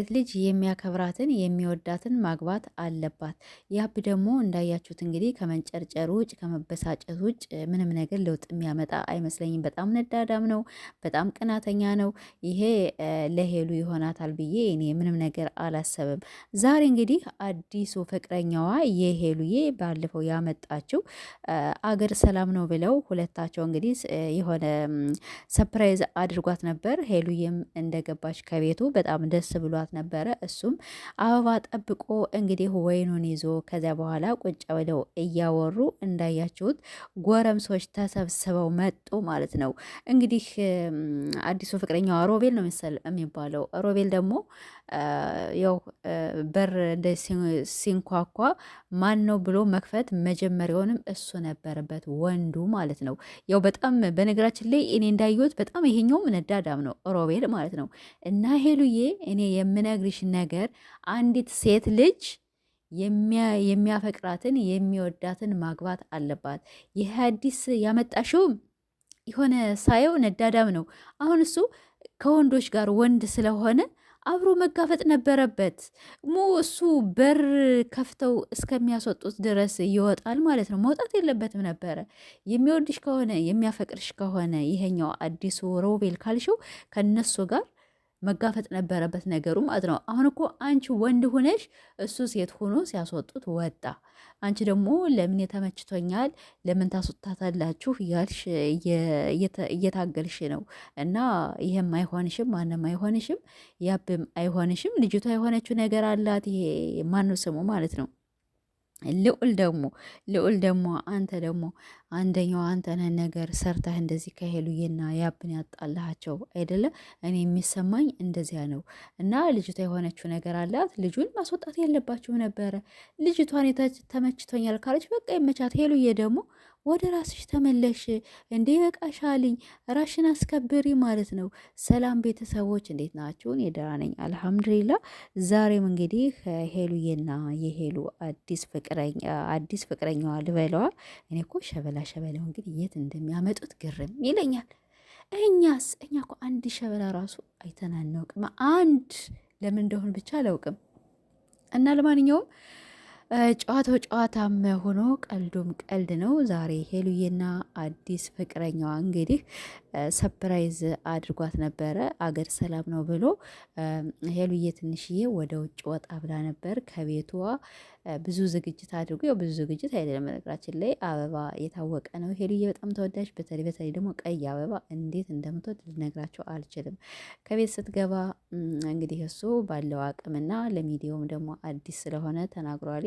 ሴት ልጅ የሚያከብራትን የሚወዳትን ማግባት አለባት። ያብ ደግሞ እንዳያችሁት እንግዲህ ከመንጨርጨር ውጭ ከመበሳጨት ውጭ ምንም ነገር ለውጥ የሚያመጣ አይመስለኝም። በጣም ነዳዳም ነው፣ በጣም ቅናተኛ ነው። ይሄ ለሄሉ ይሆናታል ብዬ እኔ ምንም ነገር አላሰብም። ዛሬ እንግዲህ አዲሱ ፍቅረኛዋ የሄሉዬ ባለፈው ያመጣችው አገር ሰላም ነው ብለው ሁለታቸው እንግዲህ የሆነ ሰፕራይዝ አድርጓት ነበር። ሄሉዬም እንደገባች ከቤቱ በጣም ደስ ብሏት አጫውቷት ነበረ። እሱም አበባ ጠብቆ እንግዲህ ወይኑን ይዞ ከዚያ በኋላ ቁጭ ብለው እያወሩ እንዳያችሁት ጎረምሶች ተሰብስበው መጡ ማለት ነው። እንግዲህ አዲሱ ፍቅረኛዋ ሮቤል ነው የሚባለው። ሮቤል ደግሞ ያው በር እንደ ሲንኳኳ ማን ነው ብሎ መክፈት መጀመሪያውንም እሱ ነበረበት ወንዱ ማለት ነው። ያው በጣም በነገራችን ላይ እኔ እንዳየሁት በጣም ይሄኛውም ነዳዳም ነው ሮቤል ማለት ነው። እና ሄሉዬ እኔ የምነግርሽ ነገር አንዲት ሴት ልጅ የሚያፈቅራትን የሚወዳትን ማግባት አለባት። ይህ አዲስ ያመጣሽውም የሆነ ሳየው ነዳዳም ነው። አሁን እሱ ከወንዶች ጋር ወንድ ስለሆነ አብሮ መጋፈጥ ነበረበት። ሞ እሱ በር ከፍተው እስከሚያስወጡት ድረስ ይወጣል ማለት ነው። መውጣት የለበትም ነበረ። የሚወድሽ ከሆነ የሚያፈቅርሽ ከሆነ ይሄኛው አዲሱ ሮቤል ካልሽው ከነሱ ጋር መጋፈጥ ነበረበት ነገሩ ማለት ነው። አሁን እኮ አንቺ ወንድ ሆነሽ እሱ ሴት ሆኖ ሲያስወጡት ወጣ። አንቺ ደግሞ ለምን የተመችቶኛል ለምን ታስወጣታላችሁ እያልሽ እየታገልሽ ነው። እና ይህም አይሆንሽም፣ ማንም አይሆንሽም፣ ያብም አይሆንሽም። ልጅቷ የሆነችው ነገር አላት። ይሄ ማነው ስሙ ማለት ነው ልዑል ደግሞ ልዑል ደግሞ አንተ ደግሞ አንደኛው አንተነ ነገር ሰርተህ እንደዚህ ከሄሉዬና ያብን ያጣላቸው አይደለ? እኔ የሚሰማኝ እንደዚያ ነው። እና ልጅቷ የሆነችው ነገር አላት። ልጁን ማስወጣት የለባችሁ ነበረ። ልጅቷን ተመችቶኛል ካለች በቃ የመቻት ሄሉዬ ደግሞ ወደ ራስሽ ተመለሽ እንዴ በቃሻልኝ። ራሽን አስከብሪ ማለት ነው። ሰላም ቤተሰቦች እንዴት ናችሁ? እኔ ደህና ነኝ አልሐምዱሊላ። ዛሬም እንግዲህ ሄሉዬና የሄሉ አዲስ ፍቅረኛ አዲስ ፍቅረኛዋ ልበለዋ። እኔ እኮ ሸበላ ሸበላው እንግዲህ የት እንደሚያመጡት ግርም ይለኛል። እኛስ እኛ እኮ አንድ ሸበላ ራሱ አይተናናውቅም። አንድ ለምን እንደሆን ብቻ አላውቅም እና ለማንኛውም ጨዋታው ጨዋታም ሆኖ ቀልዱም ቀልድ ነው። ዛሬ ሄሉዬና አዲስ ፍቅረኛዋ እንግዲህ ሰፕራይዝ አድርጓት ነበረ። አገር ሰላም ነው ብሎ ሄሉዬ ትንሽዬ ወደ ውጭ ወጣ ብላ ነበር ከቤቷ ብዙ ዝግጅት አድርጎ ያው ብዙ ዝግጅት አይደለም በነገራችን ላይ አበባ የታወቀ ነው። ይሄ ልዬ በጣም ተወዳጅ፣ በተለይ በተለይ ደግሞ ቀይ አበባ እንዴት እንደምትወድ ልነግራቸው አልችልም። ከቤት ስትገባ እንግዲህ እሱ ባለው አቅምና ለሚዲያውም ደግሞ አዲስ ስለሆነ ተናግሯሊ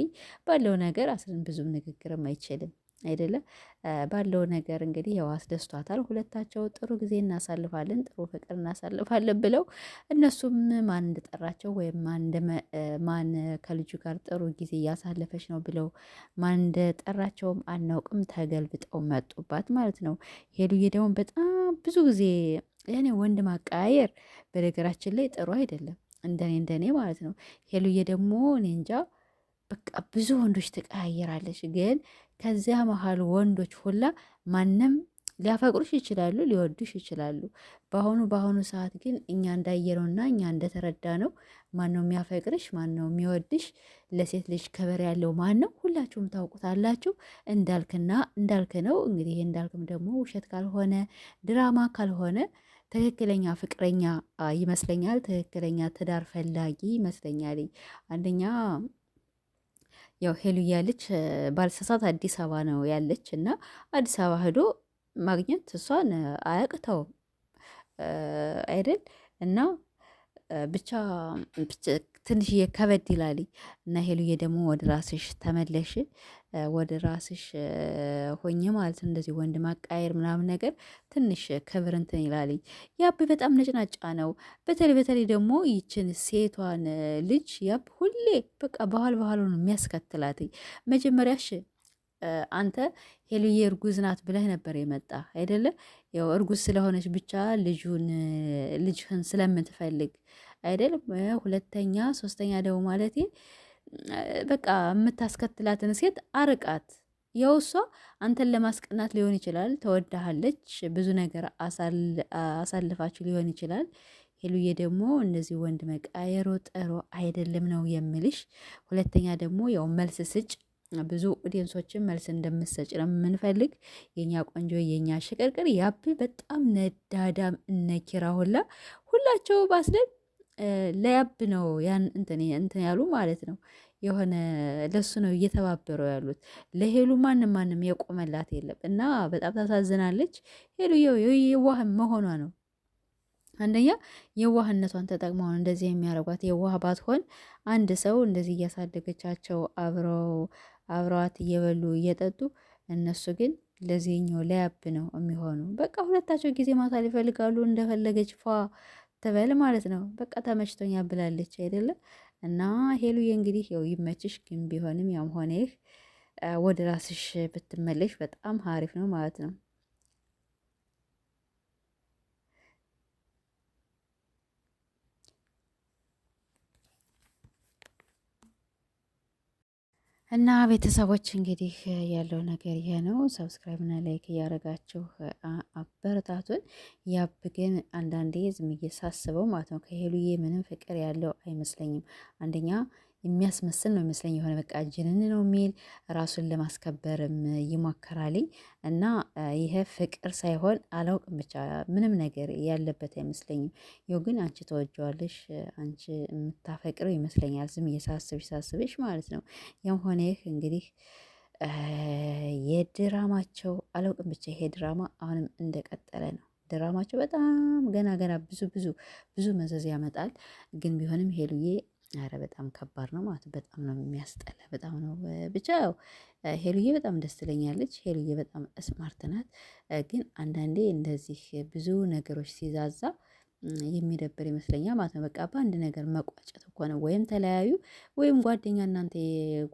ባለው ነገር አስርን ብዙም ንግግርም አይችልም። አይደለም ባለው ነገር እንግዲህ ያው አስደስቷታል። ሁለታቸው ጥሩ ጊዜ እናሳልፋለን፣ ጥሩ ፍቅር እናሳልፋለን ብለው እነሱም ማን እንደጠራቸው ወይም ማን ከልጁ ጋር ጥሩ ጊዜ እያሳለፈች ነው ብለው ማን እንደጠራቸውም አናውቅም። ተገልብጠው መጡባት ማለት ነው። ሄሉዬ ደግሞ በጣም ብዙ ጊዜ ያኔ ወንድ ማቀያየር በነገራችን ላይ ጥሩ አይደለም፣ እንደኔ እንደኔ ማለት ነው። ሄሉዬ ደግሞ እኔ እንጃ በቃ ብዙ ወንዶች ትቀያየራለች። ግን ከዚያ መሀል ወንዶች ሁላ ማንም ሊያፈቅሩሽ ይችላሉ፣ ሊወዱሽ ይችላሉ። በአሁኑ በአሁኑ ሰዓት ግን እኛ እንዳየነውና እኛ እንደተረዳ ነው ማነው የሚያፈቅርሽ፣ ማነው የሚወድሽ፣ ለሴት ልጅ ክብር ያለው ማን ነው? ሁላችሁም ታውቁታላችሁ። እንዳልክና እንዳልክ ነው እንግዲህ። እንዳልክም ደግሞ ውሸት ካልሆነ ድራማ ካልሆነ ትክክለኛ ፍቅረኛ ይመስለኛል። ትክክለኛ ትዳር ፈላጊ ይመስለኛል። አንደኛ ያው ሄሉያ ልጅ ባልሳሳት አዲስ አበባ ነው ያለች እና አዲስ አበባ ሄዶ ማግኘት እሷን አያቅተውም አይደል እና ብቻ ትንሽዬ ከበድ ይላልኝ እና ሄሉዬ ደግሞ ወደ ራስሽ ተመለሽ፣ ወደ ራስሽ ሆኝ ማለት ነው። እንደዚህ ወንድ ማቃየር ምናምን ነገር ትንሽ ክብር እንትን ይላል ያብ በጣም ነጭናጫ ነው። በተለይ በተለይ ደግሞ ይችን ሴቷን ልጅ ያብ ሁሌ በቃ ባህል በኋሉ ነው የሚያስከትላትኝ። መጀመሪያሽ አንተ ሄሉዬ እርጉዝ ናት ብለህ ነበር የመጣ አይደለ? ያው እርጉዝ ስለሆነች ብቻ ልጁን ልጅህን ስለምትፈልግ አይደለም። ሁለተኛ ሶስተኛ ደግሞ ማለት በቃ የምታስከትላትን ሴት አርቃት። ያው እሷ አንተን ለማስቀናት ሊሆን ይችላል። ተወዳሃለች፣ ብዙ ነገር አሳልፋችሁ ሊሆን ይችላል። ሄሉዬ ደግሞ እንደዚህ ወንድ መቃየሮ ጠሮ አይደለም ነው የምልሽ። ሁለተኛ ደግሞ ያው መልስ ስጭ። ብዙ ኦዲየንሶችን መልስ እንደምሰጭ ነው የምንፈልግ። የኛ ቆንጆ የኛ ሽቅርቅር ያብ በጣም ነዳዳም እነኪራ ሁላ ሁላቸው ባስደግ ለያብ ነው ያን እንትን ያሉ ማለት ነው። የሆነ ለሱ ነው እየተባበሩ ያሉት። ለሄሉ ማንም ማንም የቆመላት የለም እና በጣም ታሳዝናለች። ሄሉ የዋህ መሆኗ ነው። አንደኛ የዋህነቷን ተጠቅመው እንደዚህ የሚያደርጓት። የዋህ ባትሆን አንድ ሰው እንደዚህ እያሳደገቻቸው አብረው አብረዋት እየበሉ እየጠጡ እነሱ ግን ለዚህኛው ለያብ ነው የሚሆኑ። በቃ ሁለታቸው ጊዜ ማሳለፍ ይፈልጋሉ። እንደፈለገች ፏ ትበል ማለት ነው። በቃ ተመችቶኛ ብላለች አይደለ? እና ሄሉዬ እንግዲህ ያው ይመችሽ፣ ግን ቢሆንም ያም ሆነ ይህ ወደ ራስሽ ብትመለሽ በጣም ሀሪፍ ነው ማለት ነው። እና ቤተሰቦች እንግዲህ ያለው ነገር ይሄ ነው። ሰብስክራይብና ላይክ እያደረጋችሁ አበረታቱን። ያብ ግን አንዳንዴ ዝም እየሳስበው ማለት ነው ከሄሉዬ ምንም ፍቅር ያለው አይመስለኝም አንደኛ የሚያስመስል ነው ይመስለኝ የሆነ በቃ ጅንን ነው የሚል ራሱን ለማስከበርም ይሞከራልኝ እና ይሄ ፍቅር ሳይሆን አላውቅም ብቻ ምንም ነገር ያለበት አይመስለኝም። ይኸው ግን አንቺ ተወጀዋለሽ አንቺ የምታፈቅረው ይመስለኛል ዝም እየሳስብሽ ሳስብሽ ማለት ነው። ያም ሆነ ይህ እንግዲህ የድራማቸው አላውቅም ብቻ ይሄ ድራማ አሁንም እንደቀጠለ ነው። ድራማቸው በጣም ገና ገና ብዙ ብዙ ብዙ መዘዝ ያመጣል። ግን ቢሆንም ሄሉዬ አረ በጣም ከባድ ነው ማለት በጣም ነው የሚያስጠላ። በጣም ነው ብቻ ያው ሄሉዬ በጣም ደስ ትለኛለች። ሄሉዬ በጣም ስማርት ናት። ግን አንዳንዴ እንደዚህ ብዙ ነገሮች ሲዛዛ የሚደብር ይመስለኛል ማለት ነው። በቃ በአንድ ነገር መቋጨት እኮ ነው። ወይም ተለያዩ ወይም ጓደኛ እናንተ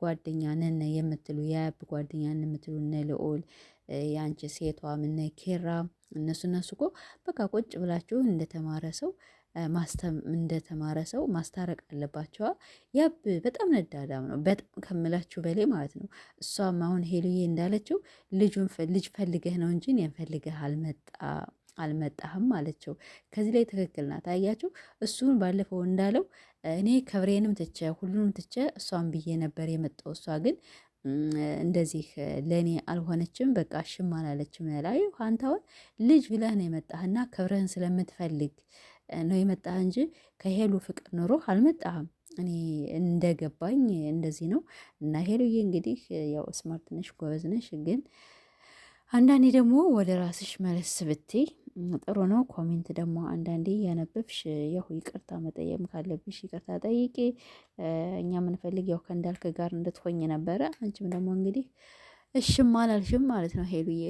ጓደኛ ነን የምትሉ የያብ ጓደኛ ነን የምትሉ እነ ልዑል የአንቺ ሴቷም እነ ኬራ እነሱ እነሱ እኮ በቃ ቁጭ ብላችሁ እንደተማረ ሰው እንደተማረ ሰው ማስታረቅ አለባቸዋ። ያብ በጣም ነዳዳም ነው፣ በጣም ከምላችሁ በላይ ማለት ነው። እሷም አሁን ሄሉዬ እንዳለችው ልጁን ልጅ ፈልገህ ነው እንጂ እኔን ፈልገህ አልመጣ አልመጣህም አለችው። ከዚህ ላይ ትክክል ናት። አያችሁ እሱን ባለፈው እንዳለው እኔ ከብሬንም ትቸ ሁሉንም ትቸ እሷን ብዬ ነበር የመጣው እሷ ግን እንደዚህ ለእኔ አልሆነችም። በቃ ሽም አላለችም። ያላዩ አንታውን ልጅ ብለህ ነው የመጣህና ክብርህን ስለምትፈልግ ነው የመጣህ እንጂ ከሄሉ ፍቅር ኖሮ አልመጣህም። እኔ እንደገባኝ እንደዚህ ነው። እና ሄሉዬ እንግዲህ ያው ስማርት ነሽ፣ ጎበዝ ነሽ። ግን አንዳንዴ ደግሞ ወደ ራስሽ መለስ ብቴ ጥሩ ነው። ኮሜንት ደግሞ አንዳንዴ እያነበብሽ ያው ይቅርታ መጠየም ካለብሽ ይቅርታ ጠይቄ እኛ ምንፈልግ ያው ከእንዳልክ ጋር እንድትሆኝ ነበረ። አንቺም ደግሞ እንግዲህ እሽም አላልሽም ማለት ነው ሄሉዬ።